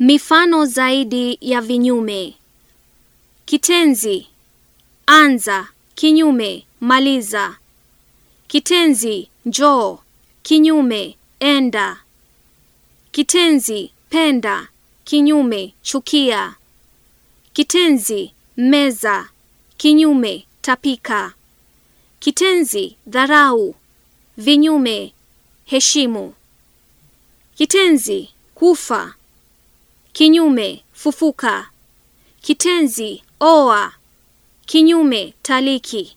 Mifano zaidi ya vinyume. Kitenzi anza, kinyume maliza. Kitenzi njoo, kinyume enda. Kitenzi penda, kinyume chukia. Kitenzi meza, kinyume tapika. Kitenzi dharau, vinyume heshimu. Kitenzi kufa kinyume fufuka, kitenzi oa, kinyume taliki.